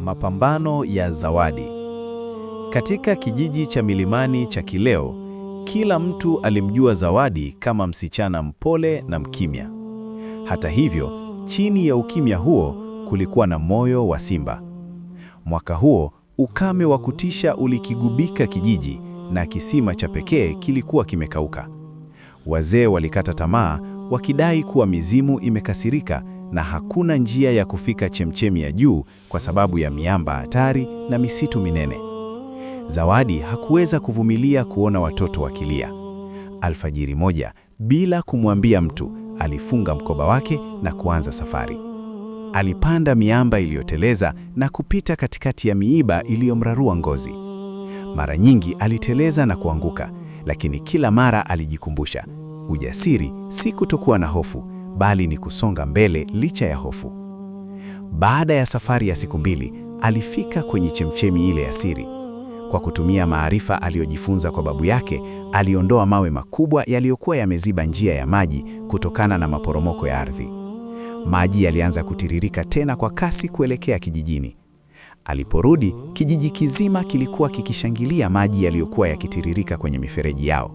Mapambano ya zawadi. Katika kijiji cha milimani cha Kileo, kila mtu alimjua Zawadi kama msichana mpole na mkimya. Hata hivyo, chini ya ukimya huo kulikuwa na moyo wa simba. Mwaka huo ukame wa kutisha ulikigubika kijiji na kisima cha pekee kilikuwa kimekauka. Wazee walikata tamaa wakidai kuwa mizimu imekasirika na hakuna njia ya kufika chemchemi ya juu kwa sababu ya miamba hatari na misitu minene. Zawadi hakuweza kuvumilia kuona watoto wakilia. Alfajiri moja, bila kumwambia mtu, alifunga mkoba wake na kuanza safari. Alipanda miamba iliyoteleza na kupita katikati ya miiba iliyomrarua ngozi. Mara nyingi aliteleza na kuanguka, lakini kila mara alijikumbusha, ujasiri si kutokuwa na hofu bali ni kusonga mbele licha ya hofu. Baada ya safari ya siku mbili, alifika kwenye chemchemi ile ya siri. Kwa kutumia maarifa aliyojifunza kwa babu yake, aliondoa mawe makubwa yaliyokuwa yameziba njia ya maji kutokana na maporomoko ya ardhi. Maji yalianza kutiririka tena kwa kasi kuelekea kijijini. Aliporudi, kijiji kizima kilikuwa kikishangilia maji yaliyokuwa yakitiririka kwenye mifereji yao.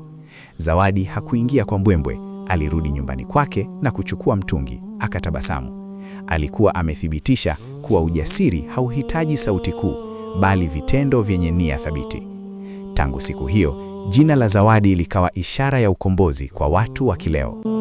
Zawadi hakuingia kwa mbwembwe, Alirudi nyumbani kwake na kuchukua mtungi, akatabasamu. Alikuwa amethibitisha kuwa ujasiri hauhitaji sauti kuu, bali vitendo vyenye nia thabiti. Tangu siku hiyo, jina la Zawadi likawa ishara ya ukombozi kwa watu wa kileo.